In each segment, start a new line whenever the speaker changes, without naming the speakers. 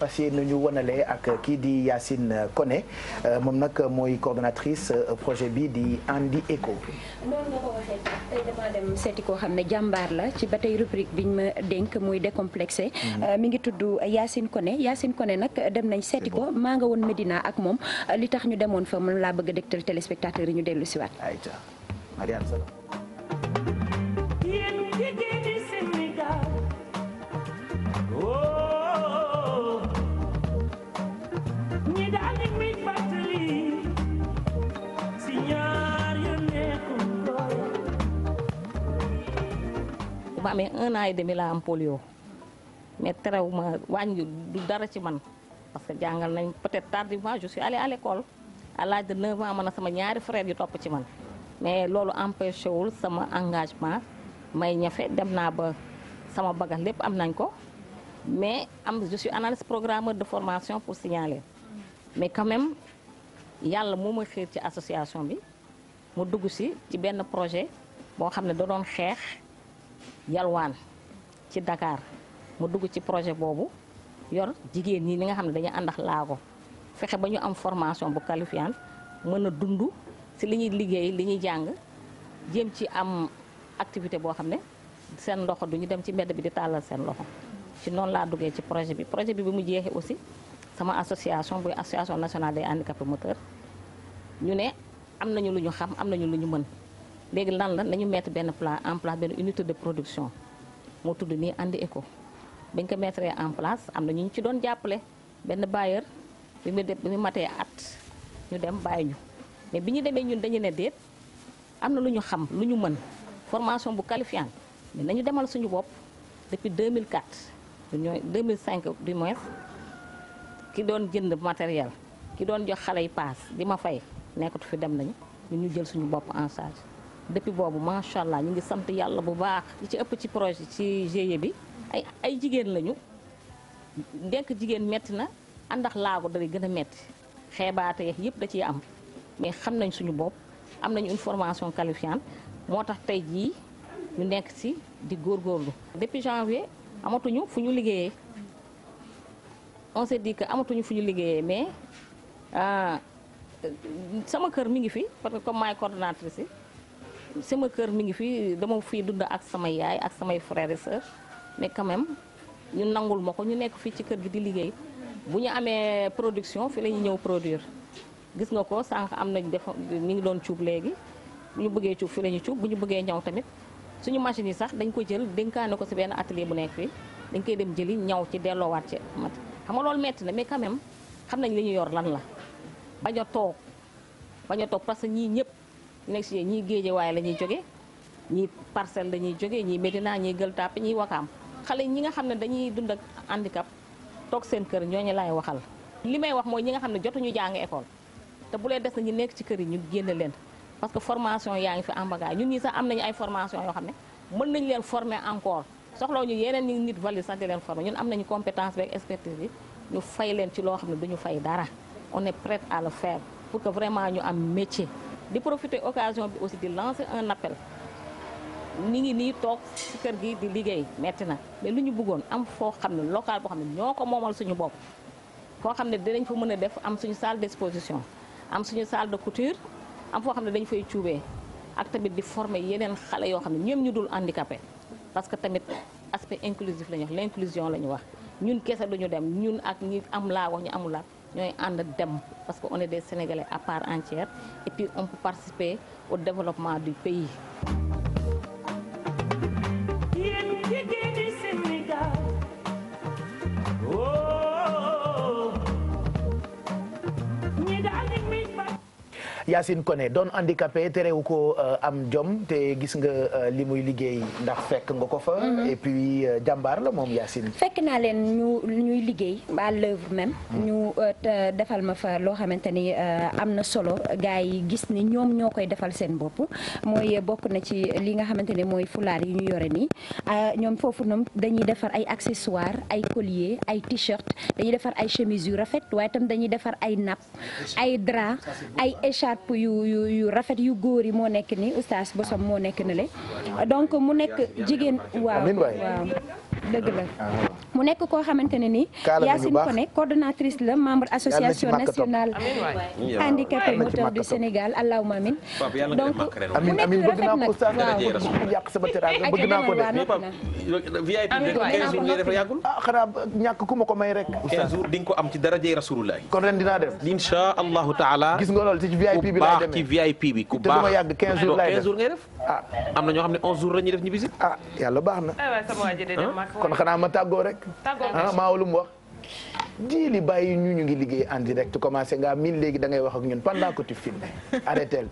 fas yéene ñu wanalee ak kii di Yacine kone euh, moom nag mooy coordonnatrice euh, projet bi di Andi Eco.
noonu ko seeti koo xam ne jàmbaar la ci ba tey rubrique biñ ma dénk muy décomplexé. Mhm. Euh, mi ngi tudd Yacine Koné Yacine kone nag dem nañ seeti ko maa nga woon Medina ak moom li tax ñu demoon fa moom laa bëgg a dégtal téléspectateur yi ñu dellu si waat.
ma amee un an et demi laa polio mais terew ma wàññi du dara ci man parce que jàngal nañ peut-être tardivement je suis allée à l'école à l'âge de 9 ans man a sama ñaari frère yu topp ci man mais loolu empêché wul sama engagement may ñafe dem naa ba sama bagal lépp am nañ ko mais am je suis analyste programmeur de formation pour signaler mais quand même yàlla moom ma xiir ci association bi mu dugg si ci benn projet boo xam ne da doon xeex yalwaan ci dakaar mu dugg ci projet boobu yor jigéen ñi li nga xam ne dañu ànd ak laago fexe ba ñu am formation bu qualifiante mën a dund si li ñuy liggéey li ñuy jàng jéem ci am activité boo xam ne seen loxo du ñu dem ci mbedd bi di tàllal seen loxo ci noonu laa duggee ci projet bi projet bi bi mu jeexee aussi sama association buy association nationale des handicapés moteurs ñu ne am nañu lu ñu xam am nañu lu ñu mën léegi lan la nañu mettre benn pla en place benn unité de production moo tudd nii andi éco bañ ko mettre en place am na ñu ñu ci doon jàppale benn bailleur bi mu def bi mu matee at ñu dem bàyyi ñu mais bi ñu demee ñun dañu ne déet am na lu ñu xam lu ñu mën formation bu qualifiante mais nañu demal suñu bopp depuis 2004 ñooy 2005 du moins ki doon jënd matériel ki doon jox xale yi paas di ma fay nekkatu fi dem nañu ñun ñu jël suñu bopp en charge depuis boobu macha allah ñu ngi sant yàlla bu baax li ci ëpp ci projet ci GIE bi ay ay jigéen lañu denk jigéen metti na àndax laago day gën a metti xeebaate yëpp da ciy am mais xam nañ suñu bopp am nañu une formation qualifiante moo tax tey jii ñu nekk si di góor góorgóorlu depuis janvier amatuñu fu ñu liggéeyee on s'est dit amatuñu fu ñu liggéeyee mais euh, sama kër mi ngi fi parce que comme maay coordonnatrice yi sama kër mi ngi fi dama fi dund ak sama yaay ak samay frères et sœurs mais quand ñu nangul ma ko ñu nekk fii ci kër gi di liggéey bu ñu amee production fi la ñëw produire gis nga ko sànq am nañ def ñu ngi doon cuub léegi bu ñu bëggee cuub fi la ñuy cuub bu ñu bëggee ñaw tamit suñu machine yi sax dañ ko jël dénkaane ko si benn atelier bu nekk fii dañ koy dem jëli ñaw ci delloowaat ci mat xam nga loolu metti na mais quand xam nañ li ñu yor lan la bañ a toog que ñii ñëpp nekk si ñii géejewaay la ñuy joge ñii parcelle la ñuy jóge ñii Medina ñii Gueule Tapée ñii Wakaam xale ñi nga xam ne dañuy dund ak handicap toog seen kër ñooñu laay waxal li may wax mooy ñi nga xam ne jotuñu jàng école te bu leen des na ñu nekk ci kër yi ñu génne leen parce que formation yaa ngi fi en bagage ñun ñi sax am nañu ay formation yoo xam ne mën nañu leen former encore soxlaw ñu yeneen ñi nit valide sax di leen former ñun am nañu compétence beeg expertise bi ñu fay leen ci loo xam ne duñu fay dara on est prêt à le faire pour que vraiment ñu am métier di profité occasion bi aussi di lancer un appel ñi ngi nii toog ci kër gi di liggéey metti na mais lu ñu buggoon am foo xam ne local boo xam ne ñoo ko moomal suñu bopp foo xam ne dinañ fa mën a def am suñu salle d'exposition am suñu sale de couture am foo xam ne dañ fay cuubee ak tamit di former yeneen xale yoo xam ne ñoom ñu dul handicapé parce que tamit aspect inclusif la ñu wax l'inclusion la ñu wax ñun kese duñu dem ñun ak ñi am laa wax ñu amul laa ñooy ànd dem parce que on est des Sénégalais à part entière et puis on peut participer au développement du pays
Yacine Koné doon handicapé terewu ko euh, am jom te gis nga euh, li muy liggéey ndax fekk nga ko fa. Mhm. et puis euh, jàmbaar la moom Yacine.
fekk naa leen ñu ñuy liggéey à l'œuvre même. Mhm. ñu defal ma fa loo xamante ni am na solo gars yi gis ni ñoom ñoo koy defal seen bopp mooy bokk na ci li nga xamante ne mooy fulaar yi ñu yore nii ñoom foofu ñoom dañuy defar ay accessoires ay colliers ay t-shirt dañuy defar ay chemises yu rafet waaye itam dañuy defar ay napp ay drap ay écharpe yàpp yu yu rafet yu góor yi moo nekk nii oustaz bosam moo nekk na le donc mu nekk jigéen waaw waaw dëgg la mu nekk koo xamante ne ni Yacine Koné coordonnatrice la membre association nationale handicapé moteur du Sénégal allahumma amin donc mu nekk rafet nag waaw yàq sama teraanga bëgg naa ko
de VIP quinze jours def yàggul
ah xanaa ñàkk ku ma ko may
rek quinze
jours di nga ko am ci darajey rasulullah kon ren dinaa dem insha allahu taala gis nga loolu ci VIP bi laa demee ku baax ci VIP bi ku baax te duma yàgg quinze jours lay def quinze jours ngay def ah am na ñoo xam ne onze jours la ñuy def ñu
visite ah yàlla baax na kon xanaa ma tàggoo rek.
tàggoo ah maa
lu mu wax. jéeli bàyyi ñu ñu ngi liggéey en direct commencé nga min léegi dangay ngay wax ak ñun pendant que tu filmes arrêtel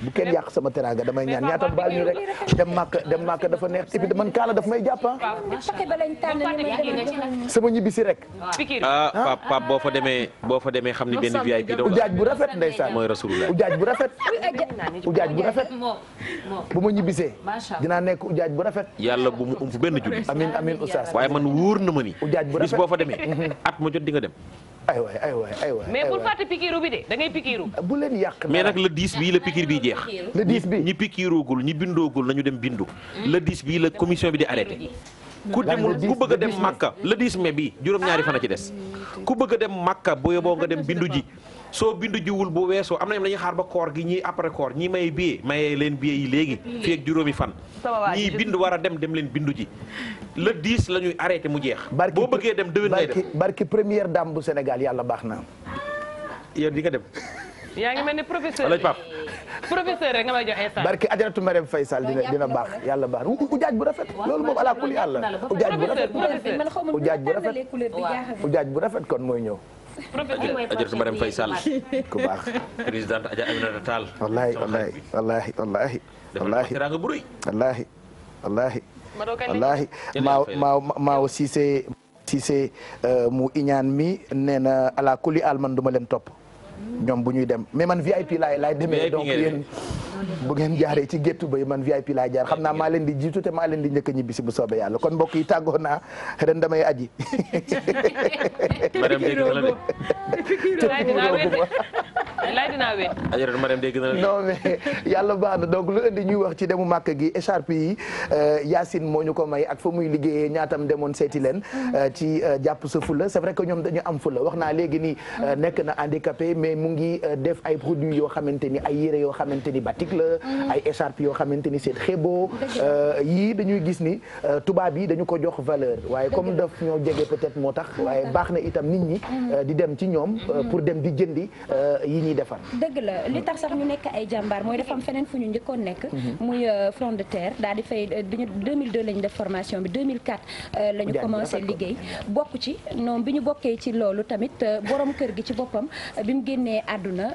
bu kenn yàq sama teraanga damay ñaan ñaata baal ñu rek dem màkk dem màkk dafa neex et puis man kaala daf may jàpp ah. sama ñibbisi rek ah boo
fa demee boo fa demee xam ni benn VIP do jaaj bu rafet nday ndeysaan mooy rasulullah
ujaaj bu rafet ujaaj bu rafet bu ma ñibbisee dinaa nekk ujaaj bu rafet
yàlla bu mu um fu benn julli amin amin oustaz waaye man wóor na ma ni bis boo fa demee mhm. at jot di nga dem. aywa aywa aywa mais bul
fàtte pikiiru bi de da ngay pikiiru. Ah, bu leen yàq
mais nag le 10 bii la pikiir bi jeex. le 10 bi ñi pikiirugul ñi bindoogul nañu dem bindu. le 10 bii la commission bi di arrêté.
ku demul ku
bëgg dem Makka le 10 mai bi juróom-ñaari fan a ci des. ku bëgg dem Makka boo yeboo nga dem bindu ji. soo bindu jiwul bu weesoo am na ñoom dañuy xaar ba koor gi ñii après koor ñii maye billet maye leen bii yi léegi fii ak juróomi fan ñii bindu war a dem dem leen bindu ji le 10 la ñuy arrêté mu jeex
boo bëggee dem déwén ngay dem barki première dame bu Sénégal yàlla baax na yow di nga dem
yaa ngi mel ni professeur wala pap professeur rek nga may jox instant. barki
ajaratu Mariam Faye baax yàlla baax ujaaj bu rafet. loolu moom ala kulli yàlla. ujaaj bu rafet ujaaj bu rafet ujaaj bu rafet kon mooy ñëw.
Ajaratu
Marème Faye Sall. ku baax présidente Adja Aminata Tall.
wallaahi wallaahi wallaahi wallaahi. wallaahi dafa bu rëy. wallaahi wallaahi. wallaahi maa maa maa Cissé euh, mu iñaan mi nee na ala kulli aal man du leen topp. bu ñuy dem mais man VIP laay laay demee. donc yéen bu ngeen jaaree ci géttu bay man VIP laa jaar xam naa maa leen di jiitu te maa leen di njëkk a ñibbisi bu soobee yàlla kon mbokk yi tàggoo naa ren damay aji. madame laaj dinaa wéy.
a non
mais yàlla baax na donc lu indi ñuy wax ci demu màkk gi écharpe yi euh, Yacine moo ñu ko may ak fa muy liggéeye ñaatam demoon seeti leen. Mm-hmm. Euh, ci euh, jàpp sa fula c'est vrai que ñoom dañu am fula wax naa léegi nii mm-hmm. nekk na handicapé mais mu ngi def ay produits yoo xamante ni ay yére yoo xamante ni batik la. Mm-hmm. ay écharpe yoo xamante ni c'est très beau. yii dañuy gis ni tubaab yi dañu ko jox valeur waaye comme daf ñoo jege peut moo tax waaye baax na itam nit ñi di dem ci ñoom pour dem di jëndi ñuy
dëgg la li tax sax ñu nekk ay jàmbaar mooy dafa am feneen fu ñu njëkkoon nekk. Mhm. muy euh, front de terre daal di fay euh, bi ñu 2002 lañu def formation bi 2004. la ñu commencé liggéey bokku ci noom bi ñu bokkee ci loolu tamit euh, boroom kër gi ci boppam bi mu génnee àdduna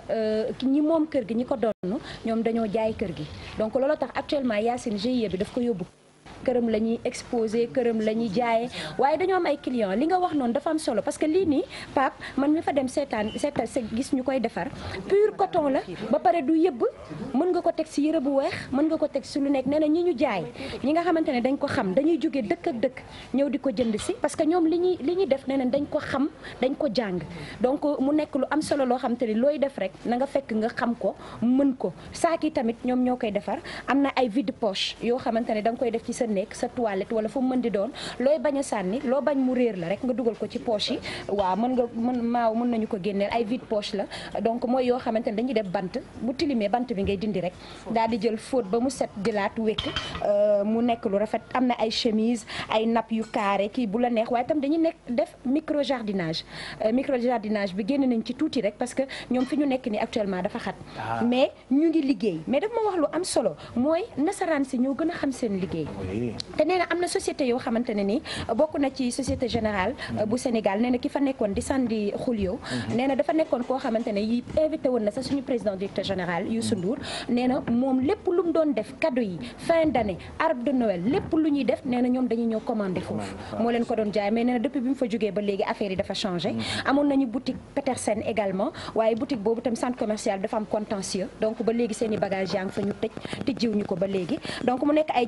ñi moom kër gi ñi ko donn ñoom dañoo jaay kër gi donc loolu tax actuellement Yacine GIE bi daf ko yóbbu. këram la ñuy exposé këram la ñuy jaayee waaye dañoo am ay client li nga wax noonu dafa am solo parce que lii nii Pape man mi fa dem seetaan seetaan sa gis ñu koy defar pur coton la ba pare du yëbb mën nga ko teg si yëre bu weex mën nga ko teg si lu nekk nee ñi ñu jaay ñi nga xamante ne dañ ko xam dañuy jóge dëkk ak dëkk ñëw di ko jënd si parce que ñoom li ñuy li ñuy def nee dañ ko xam dañ ko jàng donc mu nekk lu am solo loo xam te ni looy def rek na nga fekk nga xam ko mën ko saak yi tamit ñoom ñoo koy defar am na ay vide poche yoo xamante ne danga koy def ci sa nekk sa toilette wala fu mën di doon looy bañ a sànni loo bañ mu réer la rek nga dugal ko ci poche yi waaw mën nga mën maaw mën nañu ko génneel ay vide poche la donc mooy yoo xamante ne dañuy def bant bu tilimee bant bi ngay dindi rek daal di jël fóot ba mu set dilaat wékk euh, mu nekk lu rafet am na ay chemise ay napp yu carré kii bu la neex waaye dañuy nekk def micro jardinage euh, micro jardinage bi génn nañ ci tuuti rek parce que ñoom fi ñu nekk ni actuellement dafa xat ah. mais ñu ngi liggéey mais daf ma wax lu am solo mooy nasaraan si ñoo gën a xam seen liggéey te nee na am na société yoo xamante ne ni bokk na ci société générale mhm. bu Sénégal nee na ki fa nekkoon di Sandi Xulio mhm. nee na dafa nekkoon koo xamante ne yi invité woon na sax suñu président directeur général Youssou mhm. Ndour nee na moom lépp lu mu doon def cadeau yi fin d'année arbre de Noël lépp lu ñuy def nee na ñoom dañuy ñëw commandé foofu moo leen ko doon jaay mais nee depuis bi mu fa jógee ba léegi affaire yi dafa changé amoon nañu boutique Petersen également waaye boutique boobu tam centre commercial dafa am contentieux donc ba léegi seen bagage yaa ñu tëj te jiw ñu ko ba léegi donc mu nekk ay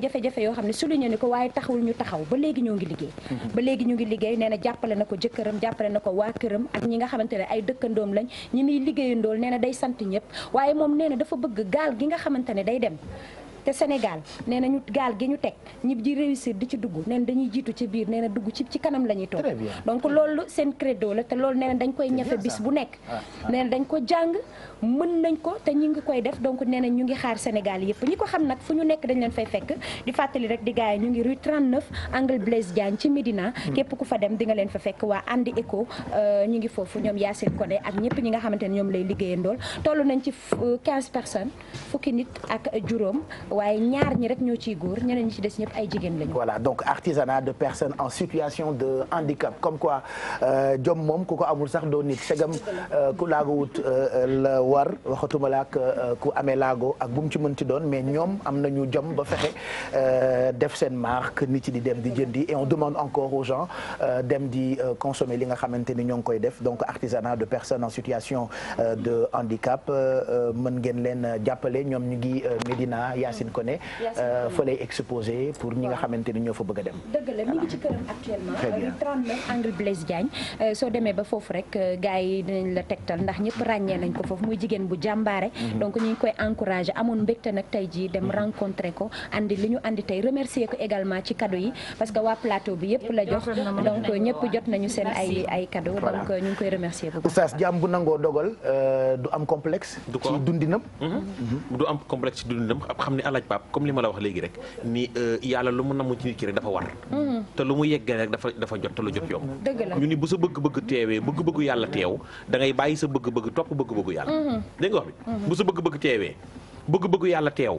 xam ne ñu ni ko waaye taxawul ñu taxaw ba léegi ñoo ngi liggéey mhm. ba léegi ñu ngi liggéey nee na jàppale na ko jëkkëram jàppale na ko waa këram ak ñi nga xamante ne ay dëkkandoom lañ ñi muy liggéeyandool nee na day sant ñëpp waaye moom nee na dafa bëgg gaal gi nga xamante ne day dem te Sénégal nee nañu gaal gi ñu teg ñi ji réussir di ci dugg nee dañuy jiitu ci biir nee na dugg ci ci kanam lañuy ñuy toog donc loolu seen credo la te loolu nee na dañ koy ñafe bis bu nekk ah, ah. nee dañ ko jàng mën nañ ko te ñu ngi koy def donc nee na ñu ngi xaar Sénégal yëpp ñi ko xam nag fu ñu nekk dañ leen fay fekk di fàttali rek di gars yi ñu ngi rue 39 angle Blaise Diagne ci Médina hmm. képp ku fa dem di nga leen fa fekk waa Andi Eco euh, ñu ngi foofu ñoom Yacine Koné ak ñëpp ñi nga xamante ne ñoom lay liggéeyandool toll nañ ci 15 euh, personnes fukki nit ak juróom waaye ñaar ñi rek ñoo ci góor ñeneen ñi ci des ñëpp ay jigéen lañu.
voilà donc artisanat de personnes en situation de handicap comme quoi euh, jom moom ku ko amul sax doo nit segam euh, ku laago wut euh, la waxatuma la ku amee laago ak bu mu ci mënti doon mais ñoom am nañu jom ba fexe def seen marque nit yi di dem di jëndi et on demande encore dem di consommer li nga xamante ni ñoo ngi koy def donc artisanat de personnes en situation de mën ngeen leen jàppale ñoom ñu ngi Médina Yacine euh, Koné fa lay exposé pour ñi nga xamante ni ñoo fa bëgg a dem.
dëgg la mi euh, angle Blaise Diagne euh, soo demee ba foofu rek gars yi dinañ la tegtal ndax ñëpp ràññee nañ ko foofu muy jigéen bu jàmbaare. Mhm. donc ñu ngi koy encouragé amoon mbégte nag tey jii dem mhm. rencontré ko andi li ñu andi tey remercier ko également ci cadeau yi parce que waa plateau bi yëpp la jox donc ñëpp jot nañu seen ay ay cadeau donc ñu ngi koy remercier bu baax. oustaz jàmm
bu nangoo dogal mhm. du am complexe.
ci laaj Pape comme li ma la wax léegi rek ni euh, yàlla lu mu namm ci nit ki rek dafa war hmm. te lu mu yeggale rek dafa jot te lu jot yomb ñu ni bu sa bëgg-bëgg teewee bëgg-bëgg yàlla teew da ngay bàyyi sa bëgg-bëgg topp bëgg-bëgg yàlla hmm. dégg nga wax hmm. sa bëgg-bëgg teewee bëgg-bëgg yàlla teew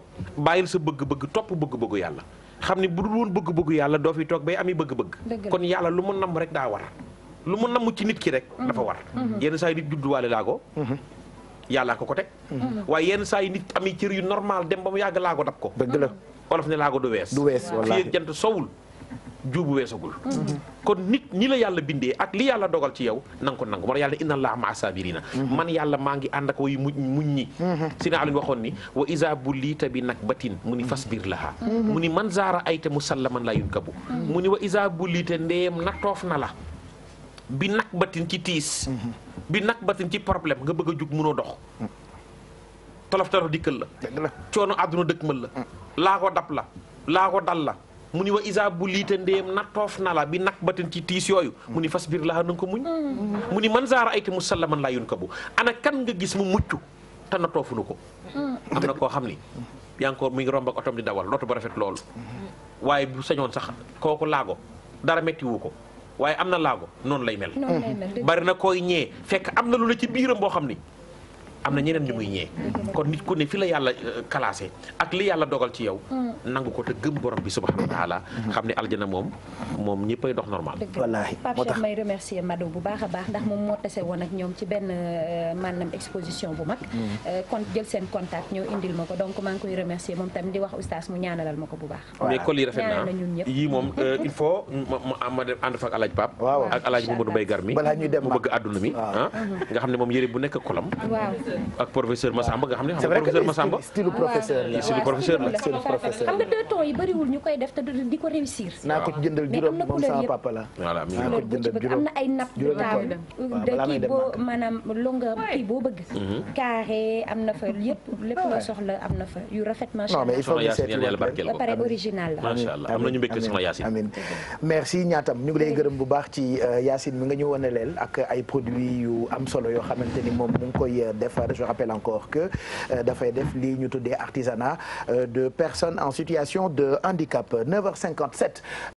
bàyyil sa bëgg-bëgg topp bëgg-bëgg yàlla xam ni bu dul woon bëgg-bëgg yàlla doo fi toog bay ami bëgg-bëgg kon yàlla lu mu namm rek daa war lu mu namm ci nit ki rek dafa war yenn saa yi di judduwaale laa ko yàllaa ko ko teg. Mm-hmm. waaye yenn saa yi nit ami cër yu normal dem ba mu yàgg laago dab ko. dëgg la olof ne laago du wees. du wees wallaahi fii ak jant sowul juubu weesagul. Mm-hmm. kon nit ñi la yàlla bindee ak li yàlla dogal ci yow na nga ko nangu man yàlla inna allaha maa sabirina mm-hmm. man yàlla maa ngi ànd ak way muñ muñ ñi sina alin waxoon ni wa isa buliita bi nakbatin mu ni fasbir laha mu ni man zaara ayta musallaman la yunkabu mu ni wa isa buliita na toof na la bi nag batin ci tiis bi nag batin ci problème nga bëgg a jug mënoo dox tolof tolof dikkal la coono àdduna dëkkmal la laa ko dab la laa ko dal la mu ni wa isa bu liita ndéem nattoof na la bi nag batin ci tiis yooyu mu ni fas biir la nanga ko muñ mu ni man zaara ayti man laa yun ko bu ana kan nga gis mu mucc te na nattoofunu ko am na koo xam ni yaa ngi ko mi ngi romb ak otom di dawal loto ba rafet loolu
mm-hmm.
waaye bu sañoon sax kooku laago dara mettiwu ko waaye am na laago noonu lay mel. bari na koy ñee fekk am na lu la ci biiram boo xam ni am na ñeneen ñu muy ñee kon nit ku ne fi la yàlla euh, classé ak li yàlla dogal ci yow nangu ko te gëm borom bi subhanahu wa taala xam ne aljana moom moom ñëppay dox normal
wallaahi moo tax may remercier Mado bu baax a baax ndax moom moo tase woon ak ñoom ci benn euh, maanaam exposition bu mag mm. euh, kon jël seen contact ñëw indil ma ko donc maa ngi koy remercier moom tamit di wax oustaz mu ñaanalal ma ko bu baax mais kol yi rafet
na yii moom il faut ma dem ànd fa ak alaaj Pape ak alaaj Mamadou Mbaye Gar mi mu bëgg àdduna mi ah. nga xam ne moom yëre bu nekk kolam ak professeur Massamba nga xam ne xam nga professeur Massamba style professeur la style professeur la style professeur xam
nga deux tons yi bëriwul ñu koy def te di ko réussir naa ko jëndal juróom moom sama papa
la voilà mi ko jëndal juróom am na
ay napp de table de kii boo maanaam longueur kii boo bëgg mm-hmm. carré am na fa yëpp lépp loo soxla am na fa yu rafet macha allah non mais il faut que seet yàlla barkeel ko ba pare original la macha allah am
nañu mbégte soxna Yacine amiin merci ñaatam ñu ngi lay gërëm bu baax ci euh, Yacine mi nga ñu wone leel ak ay produits yu am solo yoo xamante ni moom mu ngi koy euh, defar Fall je rappelle encore que euh, dafay def lii ñu tuddee artisanat euh, de personnes en situation de handicap 9h57